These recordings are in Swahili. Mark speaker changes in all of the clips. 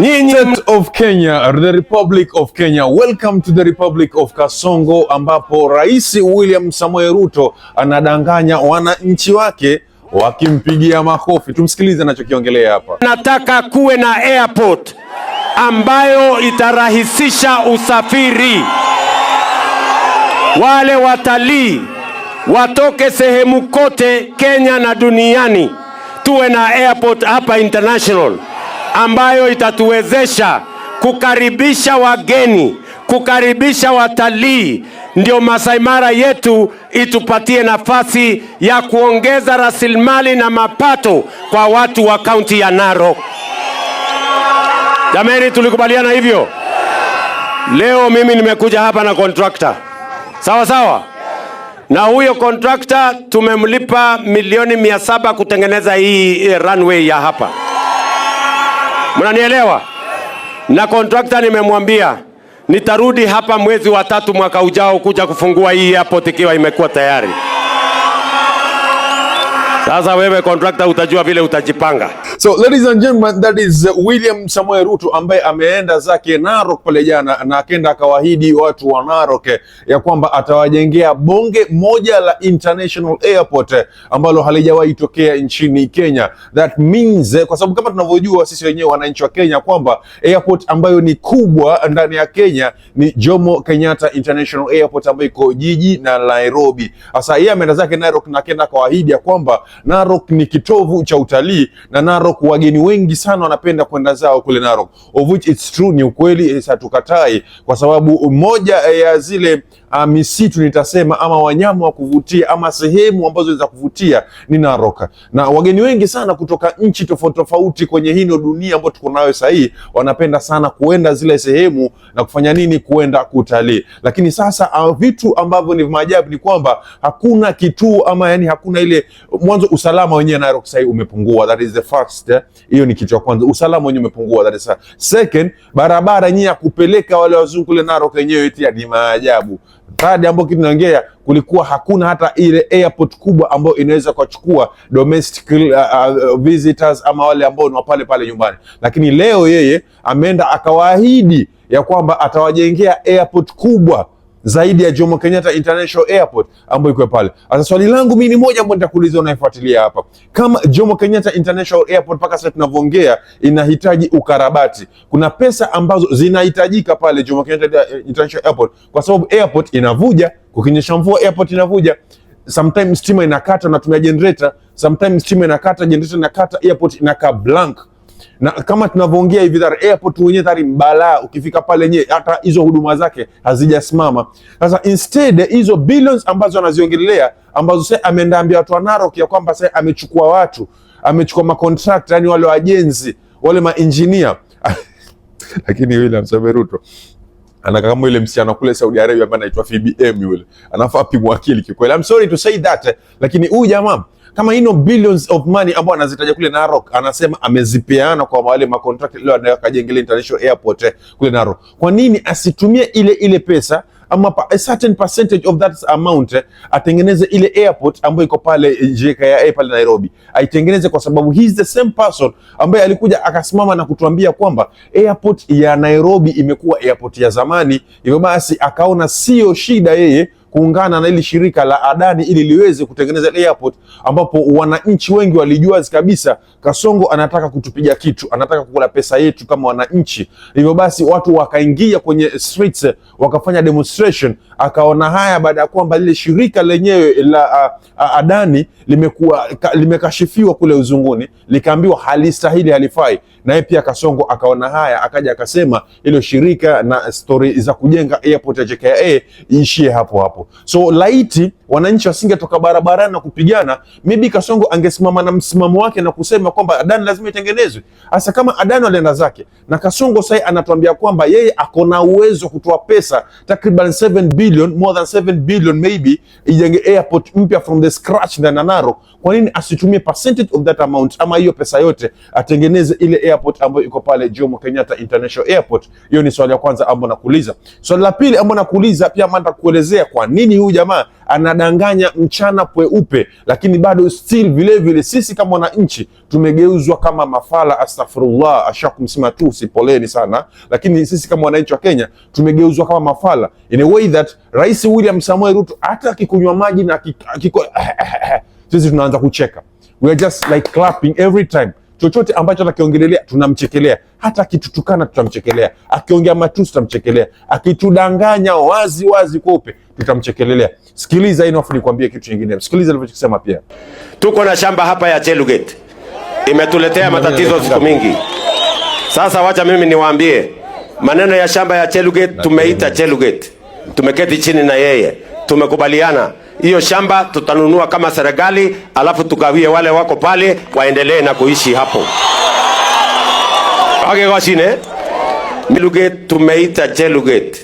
Speaker 1: Nyinyi of Kenya, the Republic of Kenya. Welcome to the Republic of Kasongo ambapo Rais William Samoei Ruto anadanganya wananchi wake wakimpigia makofi. Tumsikilize anachokiongelea hapa.
Speaker 2: Nataka kuwe na airport ambayo itarahisisha usafiri. Wale watalii watoke sehemu kote Kenya na duniani, tuwe na airport hapa international ambayo itatuwezesha kukaribisha wageni, kukaribisha watalii, ndio Masai Mara yetu itupatie nafasi ya kuongeza rasilimali na mapato kwa watu wa kaunti ya Narok. Jamani, tulikubaliana hivyo? Leo mimi nimekuja hapa na kontrakta, sawa sawa, na huyo kontrakta tumemlipa milioni mia saba kutengeneza hii runway ya hapa mnanielewa? Na kontrakta nimemwambia nitarudi hapa mwezi wa tatu mwaka ujao kuja kufungua hii airport ikiwa imekuwa tayari. Sasa wewe kontrakta, utajua vile utajipanga.
Speaker 1: So ladies and gentlemen, that is uh, William Samoei Ruto ambaye ameenda zake Narok pale jana na akenda akawaahidi watu wa Narok eh, ya kwamba atawajengea bonge moja la international airport eh, ambalo halijawahi tokea nchini Kenya. That means eh, kwa sababu kama tunavyojua sisi wenyewe wananchi wa Kenya kwamba airport ambayo ni kubwa ndani ya Kenya ni Jomo Kenyatta International Airport ambayo iko jiji na Nairobi. Sasa yeye ameenda zake Narok na akenda akawaahidi ya kwamba Narok ni kitovu cha utalii na Narok Narok wageni wengi sana wanapenda kwenda zao kule Narok, of which it's true, ni ukweli, hatukatai, eh, kwa sababu moja eh, ya zile uh, misitu nitasema ama wanyama wa kuvutia ama sehemu ambazo za kuvutia ni Narok, na wageni wengi sana kutoka nchi tofauti tofauti kwenye hino dunia ambayo tuko nayo sasa hii wanapenda sana kuenda zile sehemu na kufanya nini, kuenda kutalii. Lakini sasa uh, vitu ambavyo ni maajabu ni kwamba hakuna kituo ama yani hakuna ile mwanzo, usalama wenyewe Narok sasa umepungua, that is the first eh, hiyo eh? Ni kitu cha kwanza, usalama wenyewe umepungua, that is second. Barabara yenyewe ya kupeleka wale wazungu kule Narok yenyewe ni maajabu mradi ambao kitu naongea, kulikuwa hakuna hata ile airport kubwa ambayo inaweza kuwachukua domestic uh, uh visitors ama wale ambao ni pale pale nyumbani, lakini leo yeye ameenda akawaahidi ya kwamba atawajengea airport kubwa zaidi ya Jomo Kenyatta International Airport ambayo iko pale. Sasa swali langu mimi ni moja ambalo nitakuuliza unayefuatilia hapa, kama Jomo Kenyatta International Airport mpaka sasa tunavyoongea inahitaji ukarabati, kuna pesa ambazo zinahitajika pale Jomo Kenyatta International Airport kwa sababu airport inavuja, kukinyesha mvua airport inavuja sometimes stima inakata, unatumia generator. Sometimes stima inakata, generator inakata, airport inakaa blank na kama tunavyoongea hivi dhari airport wenyewe dhari mbalaa, ukifika pale nyewe hata hizo huduma zake hazijasimama. Sasa instead hizo billions ambazo anaziongelea ambazo sasa ameenda watu wa Narok ya kwamba sasa amechukua watu, amechukua makontrakt yani wale wajenzi wale mainjinia lakini William Samoei Ruto anakaa kama yule msichana kule Saudi Arabia ambaye anaitwa FBM yule, anafaa pimwa akili kikweli. I'm sorry to say that, lakini huyu jamaa kama ino billions of money ambao anazitaja kule Narok, anasema amezipeana kwa wale makontrakti leo akajengele international airport eh, kule Narok. Kwa nini asitumie ile ile pesa ama a certain percentage of that amount eh, atengeneze ile airport ambayo iko pale eh, JKIA pale Nairobi, aitengeneze kwa sababu he is the same person ambaye alikuja akasimama na kutuambia kwamba airport ya Nairobi imekuwa airport ya zamani, hivyo basi akaona sio shida yeye kuungana na ili shirika la Adani ili liweze kutengeneza airport, ambapo wananchi wengi walijua kabisa Kasongo anataka kutupiga kitu, anataka kukula pesa yetu kama wananchi. Hivyo basi watu wakaingia kwenye streets wakafanya demonstration, akaona haya baada ya kwamba lile shirika lenyewe la a, a, Adani limekuwa limekashifiwa kule uzunguni, likaambiwa halistahili, halifai. Naye pia Kasongo akaona haya, akaja akasema hilo shirika na stori za kujenga airport ya JKIA iishie hapo hapo. hapo. So laiti wananchi wasingetoka barabarani na kupigana, maybe Kasongo angesimama na msimamo wake na kusema kwamba Adani lazima itengenezwe, hasa kama Adani alienda zake na Kasongo sai anatuambia kwamba yeye ako na uwezo wa kutoa pesa takriban 7 billion, more than 7 billion maybe, ijenge airport mpya from the scratch na Nanaro. Kwa nini asitumie percentage of that amount ama hiyo pesa yote atengeneze ile airport ambayo iko pale Jomo Kenyatta International Airport? Hiyo ni swali ya kwanza ambalo nakuuliza. Swali la pili ambalo nakuuliza pia, manda kuelezea kwa nini huyu jamaa anadanganya mchana pweupe, lakini bado still vilevile sisi kama wananchi tumegeuzwa kama mafala. Astaghfirullah, ashakumsima tu sipoleni sana, lakini sisi kama wananchi wa Kenya tumegeuzwa kama mafala in a way that Rais William Samoei Ruto hata akikunywa maji na akiko, sisi tunaanza kucheka, we are just like clapping every time chochote ambacho atakiongelelea tunamchekelea, hata akitutukana tutamchekelea, akiongea matusi tutamchekelea, akitudanganya wazi wazi kweupe tutamchekelelea. Sikiliza hii alafu nikwambie kitu kingine, sikiliza alivyokisema pia.
Speaker 2: Tuko na shamba hapa ya Chelugate imetuletea matatizo siku mingi sasa. Wacha mimi niwaambie maneno ya shamba ya Chelugate. Tumeita Chelugate, tumeketi chini na yeye, tumekubaliana hiyo shamba tutanunua kama serikali, alafu tugawie wale wako pale waendelee na kuishi hapo. Akekashine eh? Chelugate tumeita Chelugate,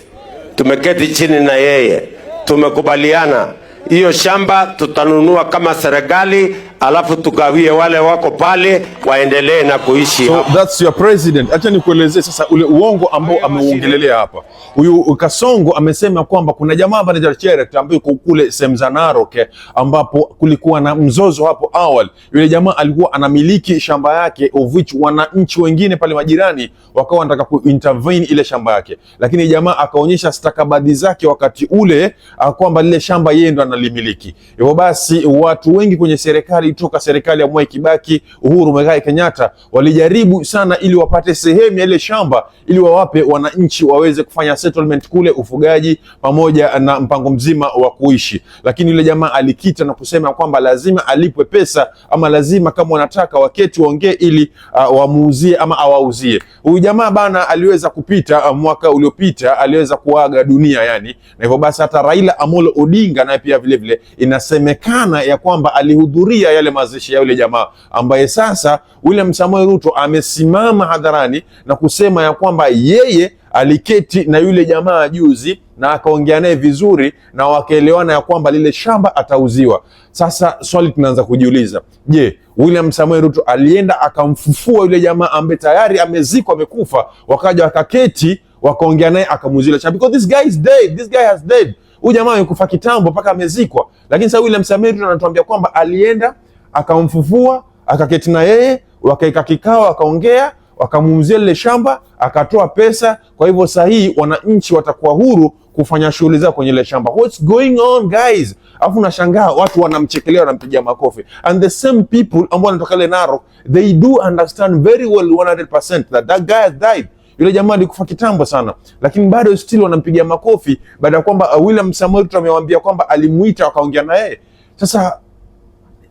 Speaker 2: tumeketi chini na yeye tumekubaliana, hiyo shamba tutanunua kama serikali alafu tugawie wale wako pale waendelee na kuishi. So
Speaker 1: that's your president. Acha nikuelezee sasa ule uongo ambao ameuongelelea hapa. Huyu Kasongo amesema kwamba kuna jamaa Vanechere ambaye yuko kule sehemu za Narok ambapo kulikuwa na mzozo hapo awali. Yule jamaa alikuwa anamiliki shamba yake of which wananchi wengine pale majirani wakawa wanataka kuintervene ile shamba yake, lakini jamaa akaonyesha stakabadhi zake wakati ule ah, kwamba lile shamba yeye ndo analimiliki. Hivyo basi watu wengi kwenye serikali toka serikali ya Mwai Kibaki, Uhuru Muigai Kenyatta, walijaribu sana ili wapate sehemu ya ile shamba ili wawape wananchi waweze kufanya settlement kule, ufugaji pamoja na mpango mzima wa kuishi. Lakini yule jamaa alikita na kusema kwamba lazima alipwe pesa ama lazima kama wanataka waketi waongee ili uh, wamuuzie ama awauzie. Huyu jamaa bana aliweza kupita ah, mwaka uliopita aliweza kuaga dunia yani, na hivyo basi hata Raila Amolo Odinga naye pia vilevile inasemekana ya kwamba alihudhuria yale mazishi ya yule jamaa ambaye sasa William Samoei Ruto amesimama hadharani na kusema ya kwamba yeye aliketi na yule jamaa juzi na akaongea naye vizuri na wakaelewana ya kwamba lile shamba atauziwa. Sasa swali tunaanza kujiuliza, je, William Samuel Ruto alienda akamfufua yule jamaa ambaye tayari amezikwa, amekufa, wakaja wakaketi, wakaongea naye akamuzila shamba, because this guy is dead, this guy has dead. Huyu jamaa amekufa kitambo mpaka amezikwa, lakini sasa William Samuel Ruto anatuambia kwamba alienda akamfufua, akaketi na yeye, wakaeka kikao, akaongea, wakamuuzia lile shamba, akatoa pesa. Kwa hivyo saa wananchi watakuwa huru kufanya shughuli zao kwenye ile shamba. What's going on guys? Afu nashangaa watu wanamchekelea, wanampigia makofi, and the same people ambao wanatoka ile Narok, they do understand very well 100% that that guy has died. Yule jamaa alikufa kitambo sana, lakini bado still wanampigia makofi baada ya kwamba William Samuel Ruto amewaambia kwamba alimuita wakaongea na yeye. Sasa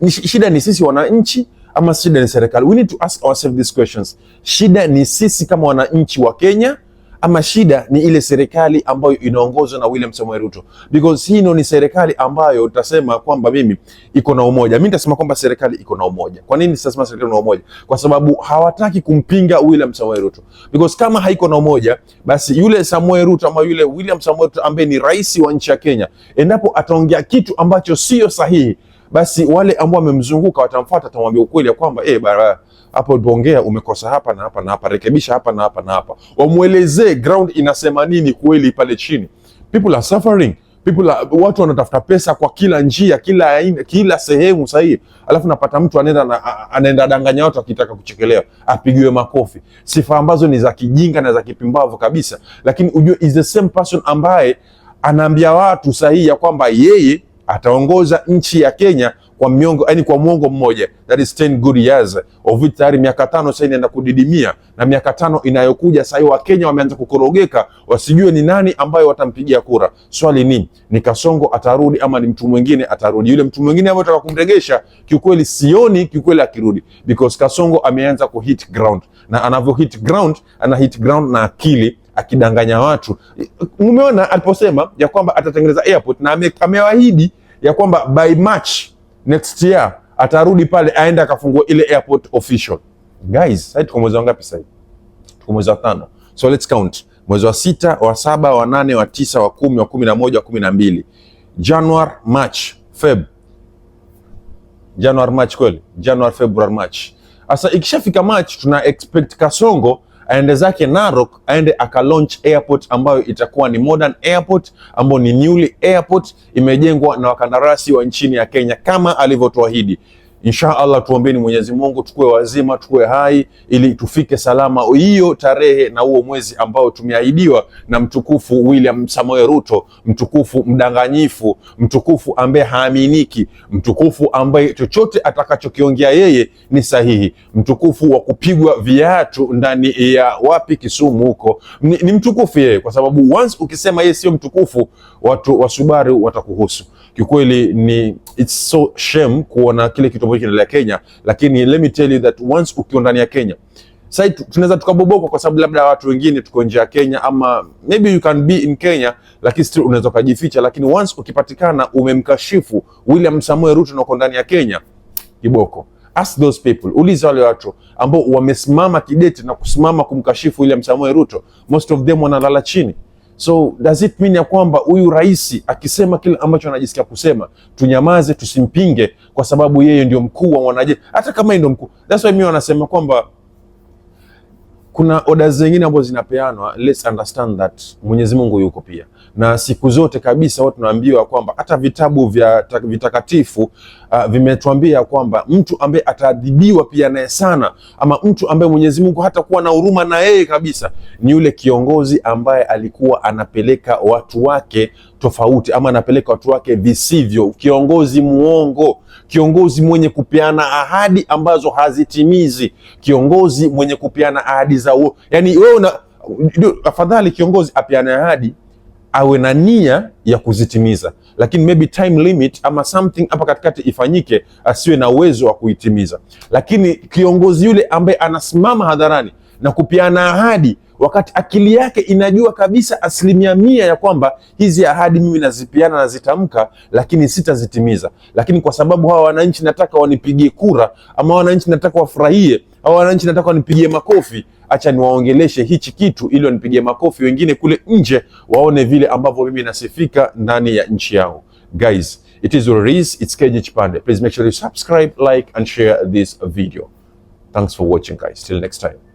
Speaker 1: Shida ni sisi wananchi ama shida ni serikali? We need to ask ourselves these questions. Shida ni sisi kama wananchi wa Kenya ama shida ni ile serikali ambayo inaongozwa na William Samoei Ruto? Because hii ni serikali ambayo utasema kwamba mimi iko na umoja. Mimi nitasema kwamba serikali iko na umoja. Kwa nini nitasema serikali ina umoja? Kwa sababu hawataki kumpinga William Samoei Ruto, because kama haiko na umoja, basi yule Samoei Ruto ama yule William Samoei Ruto ambaye ni rais wa nchi ya Kenya, endapo ataongea kitu ambacho sio sahihi basi wale ambao wamemzunguka watamfuata, atamwambia ukweli ya kwamba eh, bara hapo ulipoongea umekosa hapa na hapa na hapa, rekebisha hapa na hapa na hapa. Wamwelezee ground inasema nini kweli pale chini. People are suffering people are, watu wanatafuta pesa kwa kila njia, kila aina, kila sehemu sahihi, alafu napata mtu anaenda anaenda danganya watu akitaka kuchekelewa, apigiwe makofi. Sifa ambazo ni za kijinga na za kipimbavu kabisa, lakini ujue is the same person ambaye anaambia watu sahihi ya kwamba yeye ataongoza nchi ya Kenya kwa miongo, yani kwa mwongo mmoja, that is 10 good years of which tayari miaka tano sasa inaenda kudidimia, na miaka tano inayokuja sasa wa Wakenya wameanza kukorogeka, wasijue ni nani ambayo watampigia kura. Swali ni ni Kasongo atarudi ama ni mtu mwingine atarudi? Yule mtu mwingine ambaye atataka kumregesha, kiukweli sioni kiukweli akirudi, because Kasongo ameanza kuhit ground, na anavyo hit ground ana hit ground na akili akidanganya watu. Umeona aliposema ya kwamba atatengeneza airport na ame, ya kwamba by March next year atarudi pale aende akafungua ile airport official. Guys, sasa tuko mwezi wangapi sasa? Tuko mwezi wa tano. So let's count. Mwezi wa sita, wa saba, wa nane, wa tisa, wa kumi, wa kumi na moja, wa kumi na mbili. January, March, Feb. January, March kweli. January, February, March. Sasa ikishafika March tuna expect Kasongo aende zake Narok, aende aka launch airport ambayo itakuwa ni modern airport ambayo ni newly airport imejengwa na wakandarasi wa nchini ya Kenya kama alivyotuahidi. Insha Allah tuombeni Mwenyezi Mungu tukue wazima, tukue hai ili tufike salama hiyo tarehe na huo mwezi ambao tumeahidiwa na mtukufu William Samoe Ruto, mtukufu mdanganyifu, mtukufu ambaye haaminiki, mtukufu ambaye chochote atakachokiongea yeye ni sahihi, mtukufu wa kupigwa viatu ndani ya wapi, Kisumu huko, ni, ni mtukufu yeye, kwa sababu once ukisema yeye sio mtukufu, watu wa Subaru watakuhusu. Kiukweli ni it's so shame kuona kile kitu ambacho kinaendelea Kenya, lakini let me tell you that once ukiwa ndani ya Kenya sasa tunaweza tukaboboka kwa sababu labda watu wengine tuko nje ya Kenya, ama maybe you can be in Kenya, lakini still unaweza ukajificha. Lakini once ukipatikana umemkashifu William Samoei Ruto na uko ndani ya Kenya, kiboko. Ask those people, uliza wale watu ambao wamesimama kidete na kusimama kumkashifu William Samoei Ruto, most of them wanalala chini. So does it mean ya kwamba huyu rais akisema kile ambacho anajisikia kusema tunyamaze, tusimpinge kwa sababu yeye ndio mkuu wa wanajeshi? Hata kama yeye ndio mkuu, that's why mimi wanasema kwamba kuna orders zingine ambazo zinapeanwa, let's understand that Mwenyezi Mungu yuko pia na siku zote kabisa huwa tunaambiwa kwamba hata vitabu vya vitakatifu uh, vimetuambia kwamba mtu ambaye ataadhibiwa pia naye sana, ama mtu ambaye Mwenyezi Mungu hata kuwa na huruma na yeye kabisa, ni yule kiongozi ambaye alikuwa anapeleka watu wake tofauti, ama anapeleka watu wake visivyo, kiongozi muongo, kiongozi mwenye kupeana ahadi ambazo hazitimizi, kiongozi mwenye kupeana ahadi za uo. Yani wewe una afadhali kiongozi apeane ahadi awe na nia ya kuzitimiza, lakini maybe time limit ama something hapa katikati ifanyike, asiwe na uwezo wa kuitimiza. Lakini kiongozi yule ambaye anasimama hadharani na kupiana ahadi wakati akili yake inajua kabisa asilimia mia ya kwamba hizi ahadi mimi nazipiana nazitamka, lakini sitazitimiza, lakini kwa sababu hawa wananchi nataka wanipigie kura ama wananchi nataka wafurahie au wananchi nataka wanipigie makofi, acha niwaongeleshe hichi kitu ili wanipigie makofi wengine kule nje waone vile ambavyo mimi nasifika ndani ya nchi yangu. Guys, it is Ruriz, it's KG Chipande. Please make sure you subscribe, like and share this video. Thanks for watching guys. Till next time.